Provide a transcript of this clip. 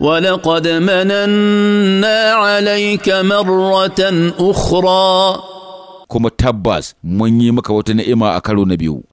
ولقد مننا عليك مرة أخرى كما تباس من يمك وتنئما أكلو نبيو